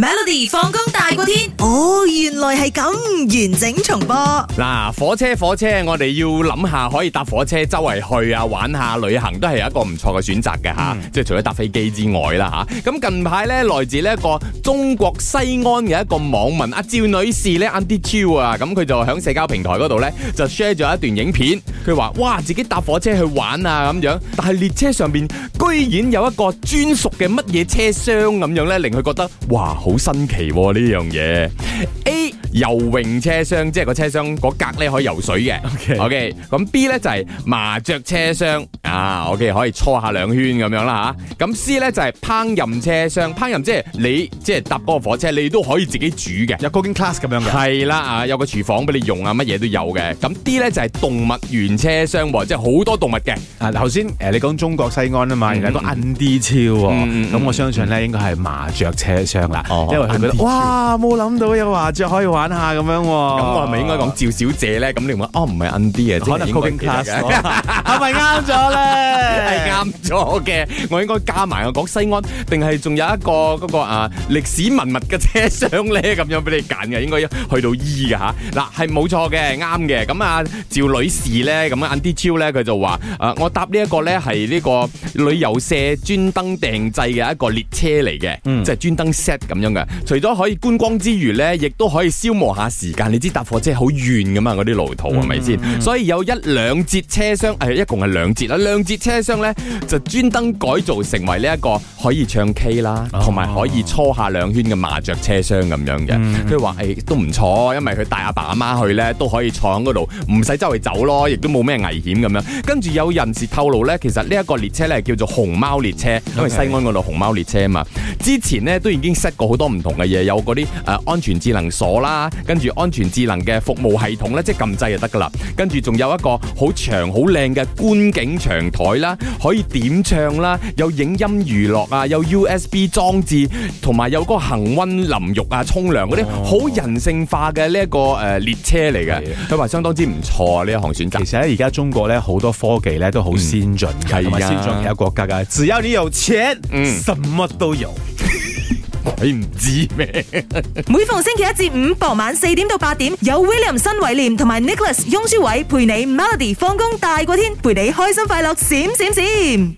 Melody 放工大過天，哦，原來係咁完整重播。嗱，火車火車，我哋要諗下可以搭火車周圍去、嗯、啊，玩下旅行都係一個唔錯嘅選擇嘅吓，即係除咗搭飛機之外啦吓。咁近排呢，來自呢一個中國西安嘅一個網民阿趙女士呢 Andy Q 啊，咁佢就喺社交平台嗰度呢，就 share 咗一段影片，佢話哇自己搭火車去玩啊咁樣，但係列車上面居然有一個專屬嘅乜嘢車廂咁樣呢，令佢覺得哇。好新奇喎，呢樣嘢。A，游泳車廂，即係個車廂，嗰格咧可以游水嘅。OK，咁、okay, B 咧就係、是、麻雀車廂。啊，OK，可以搓下兩圈咁樣啦吓。咁 C 咧就係烹飪車廂，烹飪即係你即係搭嗰個火車，你都可以自己煮嘅，有 Cooking Class 咁樣嘅。係啦，啊，有個廚房俾你用啊，乜嘢都有嘅。咁 D 咧就係動物園車廂，即係好多動物嘅。啊，頭先誒你講中國西安啊嘛，原來個 N D 超，咁我相信咧應該係麻雀車廂啦，因為係咪？哇，冇諗到有麻雀可以玩下咁樣。咁我係咪應該講趙小姐咧？咁你話哦，唔係 N D 啊，即係 Cooking Class，係咪啱咗啦？係啱咗嘅，我應該加埋我講西安，定係仲有一個嗰個啊歷史文物嘅車廂咧，咁樣俾你揀嘅，應該要去到 E 嘅吓。嗱，係冇錯嘅，啱嘅。咁啊，趙女士咧，咁啊 Andy Joe 咧，佢就話誒，我搭呢一個咧係呢個旅遊社專登訂製嘅一個列車嚟嘅，即係專登 set 咁樣嘅。除咗可以觀光之餘咧，亦都可以消磨下時間。你知搭火車好遠噶嘛，嗰啲路途係咪先？所以有一兩節車廂，誒，一共係兩節啦。兩節車廂咧就專登改造成為呢一個可以唱 K 啦，同埋、oh. 可以搓下兩圈嘅麻雀車廂咁樣嘅。佢話誒都唔錯，因為佢帶阿爸阿媽去咧都可以坐喺度，唔使周圍走咯，亦都冇咩危險咁樣。跟住有人士透露咧，其實呢一個列車咧叫做熊貓列車，Okay. 因為西安度熊貓列車啊嘛。之前咧都已經 set 過好多唔同嘅嘢，有啲誒、呃、安全智能鎖啦，跟住安全智能嘅服務系統咧，即係撳掣就得噶啦。跟住仲有一個好長好靚嘅觀景場。陽台啦，可以點唱啦，有影音娛樂啊，有 USB 裝置，同埋有嗰個恒温淋浴啊，沖涼嗰啲，好人性化嘅呢一個誒列車嚟嘅。佢話、哦、相當之唔錯啊！呢一項選擇，其實咧而家中國咧好多科技咧都好先進嘅，係、嗯、先進其他國家嘅，只要你有錢，嗯，什麼都有。你唔知咩？ 每逢星期一至五傍晚四點到八點，有 William 新偉廉同埋 Nicholas 翁舒偉陪你 Melody 放工大過天，陪你開心快樂閃閃閃。閃閃閃。